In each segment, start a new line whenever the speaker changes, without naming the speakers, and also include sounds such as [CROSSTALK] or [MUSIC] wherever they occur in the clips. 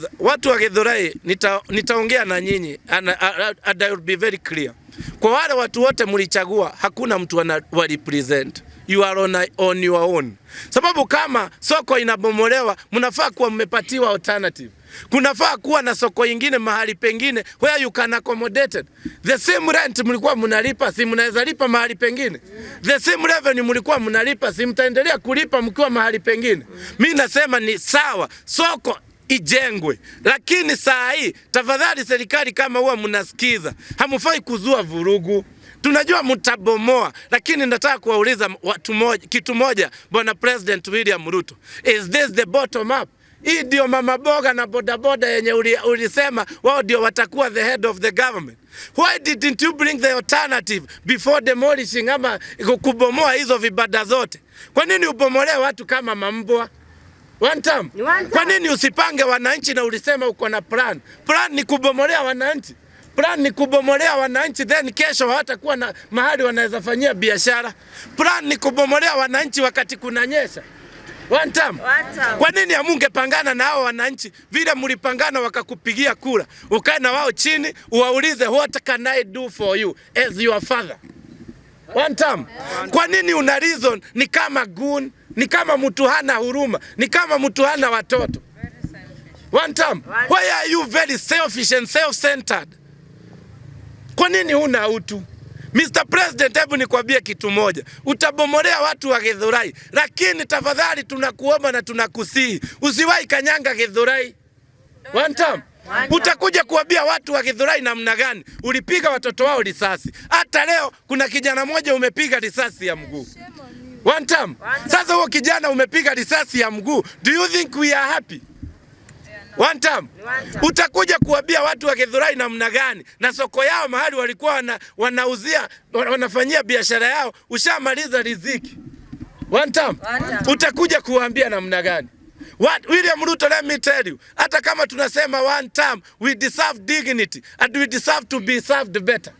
brother, watu wa Githurai nita, na nyinyi and, and I will be very clear. Kwa wale watu wote mlichagua, hakuna mtu wa represent. You are on, on your own. Sababu kama soko inabomolewa, mnafaa kuwa mmepatiwa alternative. Kunafaa kuwa na soko ingine mahali pengine where you can accommodate. The same rent mlikuwa mnalipa, si mnaweza lipa mahali pengine? The same revenue mlikuwa mnalipa, si mtaendelea kulipa mkiwa mahali pengine? Mimi nasema ni sawa. Soko ijengwe. Lakini saa hii tafadhali, serikali kama huwa mnasikiza, hamfai kuzua vurugu. Tunajua mtabomoa, lakini nataka kuwauliza watu moja, kitu moja, bwana President William Ruto, is this the bottom up? Hii ndio mama boga na bodaboda yenye ulisema uli wao ndio watakuwa the head of the government. Why didn't you bring the alternative before demolishing ama kubomoa hizo vibada zote? Kwa nini ubomolee watu kama mambwa? One time. One time. Kwa nini usipange wananchi na ulisema uko na plan? Plan ni kubomolea wananchi. Plan ni kubomolea wananchi then kesho hawatakuwa na mahali wanaweza fanyia biashara. Plan ni kubomolea wananchi wakati kunanyesha. One time. One time. Kwa nini hamungepangana na hao wananchi vile mlipangana wakakupigia kura? Ukae na wao chini uwaulize what can I do for you as your father? One time. One time. Kwa nini una reason ni kama goon ni kama mtu hana huruma, ni kama mtu hana watoto. One time, why are you very selfish and self-centered? Kwa nini huna utu? Mr. President, hebu nikwambie kitu moja, utabomolea watu wa Githurai, lakini tafadhali tunakuomba na tunakusihi usiwahi kanyanga Githurai. One time. Utakuja kuambia watu wa Githurai namna gani ulipiga watoto wao risasi. Hata leo kuna kijana mmoja umepiga risasi ya mguu. One time. Sasa huo kijana umepiga risasi ya mguu. Do you think we are happy? One time. One time. Utakuja kuwabia watu wa Githurai namna gani na soko yao mahali walikuwa wana, wanauzia wanafanyia biashara yao ushamaliza riziki. One time. One time. Utakuja kuwaambia namna gani? What, William Ruto, let me tell you. Hata kama tunasema one time, we deserve dignity and we deserve to be served better.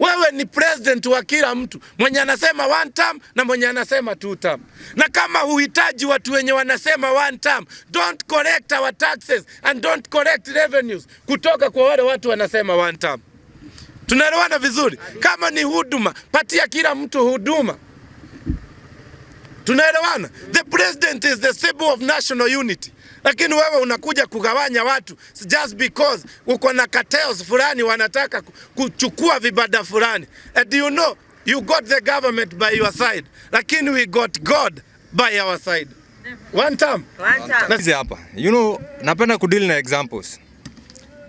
Wewe ni president wa kila mtu, mwenye anasema one term na mwenye anasema two term. Na kama huhitaji watu wenye wanasema one term, don't collect our taxes and don't collect revenues kutoka kwa wale watu wanasema one term. Tunaelewana vizuri? Kama ni huduma, patia kila mtu huduma. Tunaelewana? The president is the symbol of national unity, lakini wewe unakuja kugawanya watu just because uko na cartels fulani wanataka kuchukua vibada fulani. And you know you got the government by your side, lakini we got God by our side. One time.
One time. Hapa. You know, napenda kudeal na examples.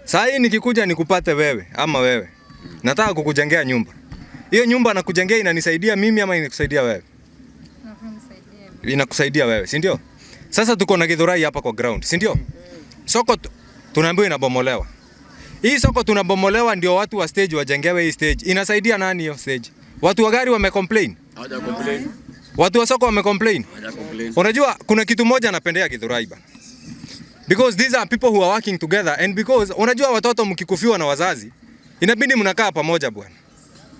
Saa hii nikikuja nikupate wewe ama wewe, nataka kukujengea nyumba. Hiyo nyumba nakujengea inanisaidia mimi ama inakusaidia wewe? inakusaidia wewe, si ndio? Sasa tuko na Githurai hapa kwa ground, si ndio? Soko tunaambiwa inabomolewa. Hii soko tunabomolewa ndio watu wa stage wajengewe hii stage. Inasaidia nani hiyo stage? Watu wa gari wame complain?
Hawaja complain.
Watu wa soko wame complain?
Hawaja complain.
Unajua kuna kitu moja napendea Githurai bana. Because these are people who are working together and because unajua watoto mkikufiwa na wazazi inabidi mnakaa pamoja bwana.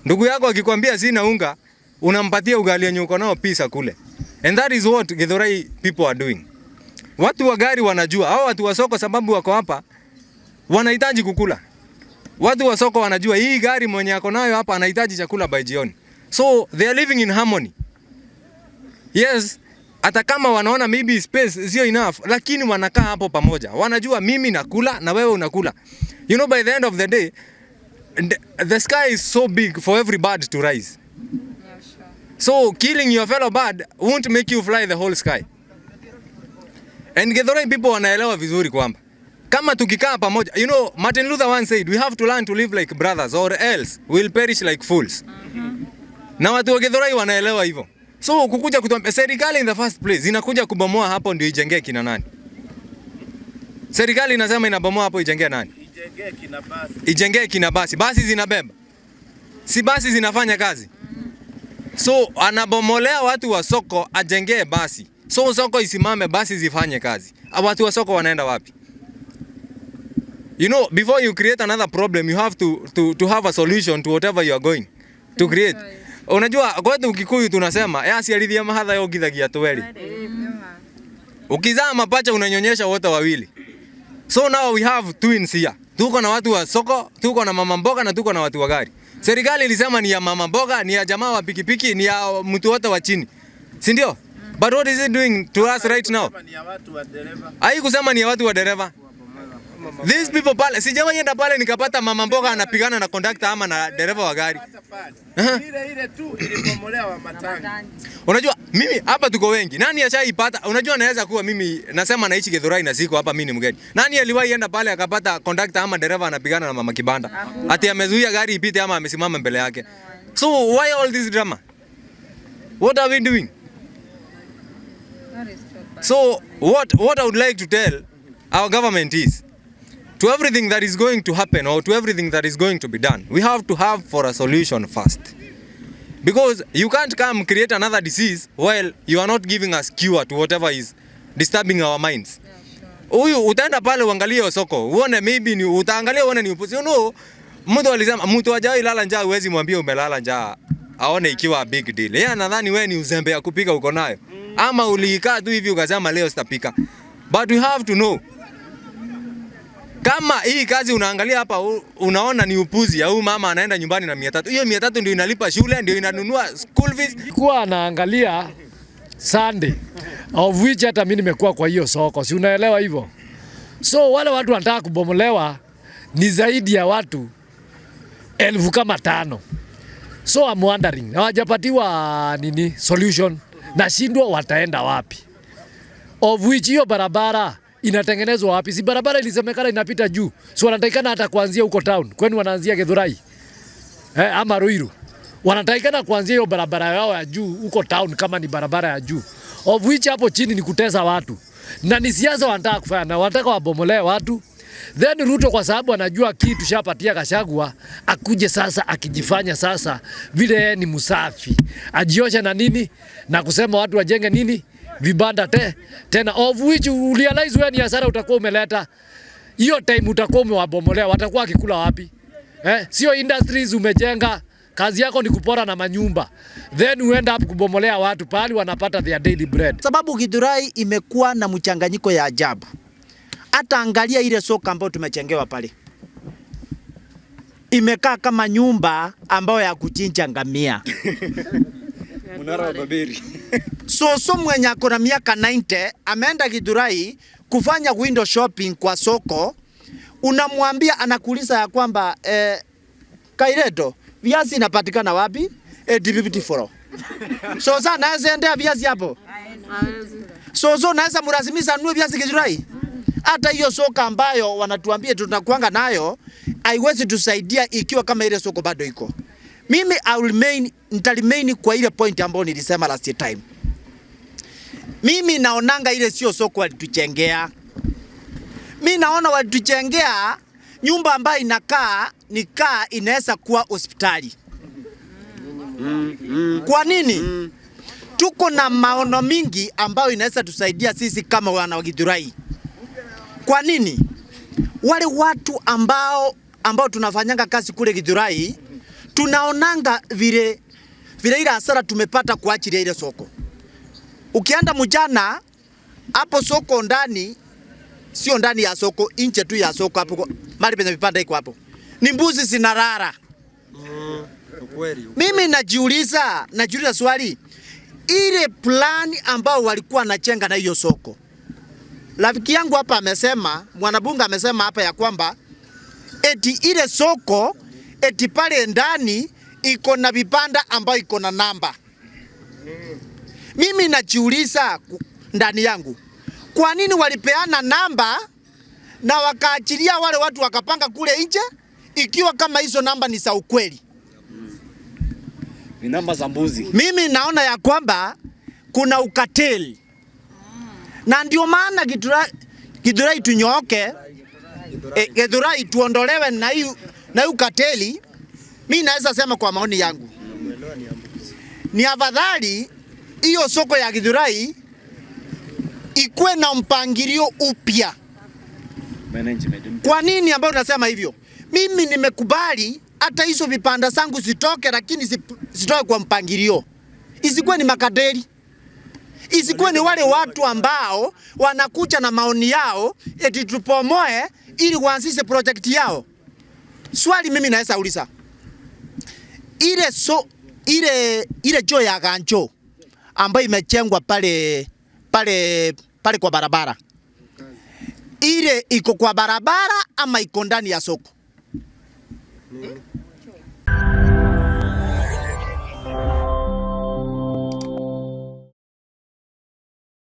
Ndugu yako akikwambia sina unga unampatia ugali yenye uko nao pisa kule. And that is what Githurai people are doing. Watu wa gari wanajua, hao watu wa soko sababu wako hapa wanahitaji kukula. Watu wa soko wanajua hii gari mwenye ako nayo hapa anahitaji chakula by jioni. So they are living in harmony. Yes, hata kama wanaona maybe space sio enough, lakini wanakaa hapo pamoja. Wanajua mimi nakula na wewe unakula. You know by the end of the day the, the sky is so big for every bird to rise. So killing your fellow bird won't make you fly the whole sky. And Githurai people wanaelewa vizuri kwamba kama tukikaa pamoja, you know, Martin Luther once said we have to learn to live like brothers or else we'll perish like fools. Mm -hmm. Na watu wa Githurai wanaelewa hivyo. So kukuja kutuambia serikali in the first place inakuja kubomoa hapo ndio ijengee kina nani? Serikali inasema inabomoa hapo ijengee nani?
Ijengee kina basi.
Ijengee kina basi. Basi zinabeba. Si basi zinafanya kazi. Mm So anabomolea watu wa soko ajengee basi. So soko isimame, basi zifanye kazi. Ah, watu wa soko wanaenda wapi? You know, before you create another problem, you have to, to, to have a solution to whatever you are going to create. Unajua kwetu Kikuyu tunasema ya sialithia mahadha yo githagia tweri. Eh, Ukizaa mapacha unanyonyesha wote wawili. So now we have twins here. Tuko na watu wa soko, tuko na mama mboga na tuko na watu wa gari. Serikali ilisema ni ya mama mboga, ni ya jamaa wa pikipiki, ni ya mtu wote wa chini, si ndio? But what is it doing to us right now? Haikusema ni ya watu wa dereva. These people pale, sijawahi enda pale nikapata mama mboga anapigana na kondakta ama na dereva wa gari.
Ile ile tu ilipomolewa matanga.
Unajua mimi hapa tuko wengi. Nani ashaipata? Unajua naweza kuwa mimi nasema naishi Githurai na siko hapa mimi ni mgeni. Nani aliwahi enda pale akapata kondakta ama dereva anapigana na mama kibanda? Ati amezuia gari ipite ama amesimama mbele yake. So why all this drama? What are we doing? So what what I would like to tell our government is to everything that is going to happen or to everything that is going to be done we have to have for a solution first because you can't come create another disease while you are not giving us cure to whatever is disturbing our minds huyu utaenda pale uangalie osoko uone maybe ni utaangalia uone ni upuzi you know mtu alisema mtu ajao lala njaa huwezi mwambie umelala njaa aone ikiwa big deal yeye anadhani wewe ni uzembe ya kupika uko nayo mm. ama uliikaa tu hivi ukasema leo sitapika but we have to know kama hii kazi unaangalia hapa unaona ni upuzi ya huyu mama anaenda nyumbani na 300. Hiyo 300 ndio inalipa shule, ndio inanunua school fees. Kwa anaangalia Sunday of which hata mimi nimekuwa kwa hiyo soko, si unaelewa hivyo? So wale watu wanataka kubomolewa ni zaidi ya watu elfu kama tano. So I'm wondering, hawajapatiwa nini solution, nashindwa wataenda wapi, of which hiyo barabara inatengenezwa wapi? Si barabara ilisemekana inapita juu, si wanatakikana hata kuanzia huko town kwani wanaanzia Githurai eh, ama Ruiru, wanatakikana kuanzia hiyo barabara yao ya juu huko town, kama ni barabara ya juu of which hapo chini ni kutesa watu na ni siasa wanataka kufanya, na wanataka wabomolee watu. Then Ruto kwa sababu anajua kitu shapatia Kashagwa, akuje sasa akijifanya sasa vile ni msafi, ajiosha na nini na kusema watu wajenge nini vibanda te tena, of which you realize wewe ni hasara utakuwa umeleta. Hiyo time utakuwa umewabomolea, watakuwa wakikula wapi? Eh, sio industries umejenga, kazi yako ni kupora na manyumba, then you end up kubomolea watu pahali wanapata their daily bread. Sababu Githurai imekuwa na mchanganyiko ya ajabu. Hata angalia ile soka ambayo tumechengewa pale, imekaa kama nyumba ambayo ya kuchinja ngamia.
[LAUGHS] Munara wa Babeli.
Soso mwenye ako na miaka 90 ameenda Githurai kufanya window shopping kwa soko, unamwambia anakuuliza ya kwamba eh, Kaireto viazi inapatikana wapi? Eh, DP54. Sosa naweza endea viazi hapo. Soso naweza mlazimisha nunue viazi Githurai. Hata hiyo soko ambayo wanatuambia tunakuanga nayo haiwezi tusaidia ikiwa kama ile soko bado iko. Mimi I will remain, nitalimaini kwa ile point ambayo nilisema last time. Mimi naonanga ile sio soko walituchengea. Mi naona walituchengea nyumba ambayo inakaa kaa inaweza kuwa hospitali. Kwa nini? Tuko na maono mingi ambayo inaweza tusaidia sisi kama wana wa Githurai. Kwa nini? Wale watu ambao ambao tunafanyanga kazi kule Githurai tunaonanga vile vile ile hasara tumepata kwa ajili ya ile soko. Ukienda mjana hapo soko ndani, sio ndani ya soko, nje tu ya soko, hapo mali penye vipanda iko hapo, ni mbuzi zinarara. Mm, mimi najiuliza, najiuliza swali, ile plani ambao walikuwa wanajenga na hiyo soko. Rafiki yangu hapa amesema, mwanabunge amesema hapa ya kwamba eti ile soko eti pale ndani iko na vipanda ambayo iko na namba. Mm. Mimi najiuliza ndani yangu, kwa nini walipeana namba na wakaachilia wale watu wakapanga kule nje, ikiwa kama hizo namba ni za ukweli? Ni namba za mbuzi. Mimi naona ya kwamba kuna ukateli na ndio maana Githurai tunyooke, e, Githurai tuondolewe na hiyo na kateli. Mimi naweza sema kwa maoni yangu ni afadhali hiyo soko ya Githurai ikuwe na mpangilio upya. Kwa nini ambayo tunasema hivyo? Mimi nimekubali hata hizo vipanda zangu zitoke, lakini zitoke kwa mpangilio, isikuwe ni makadeli, isikuwe ni wale watu ambao wanakucha na maoni yao eti tupomoe ili waanzishe project yao. Swali mimi naweza uliza ile so, ile ile jo ya ganjo ambayo imechengwa pale pale pale kwa barabara ile iko kwa barabara ama iko ndani ya soko? Hmm.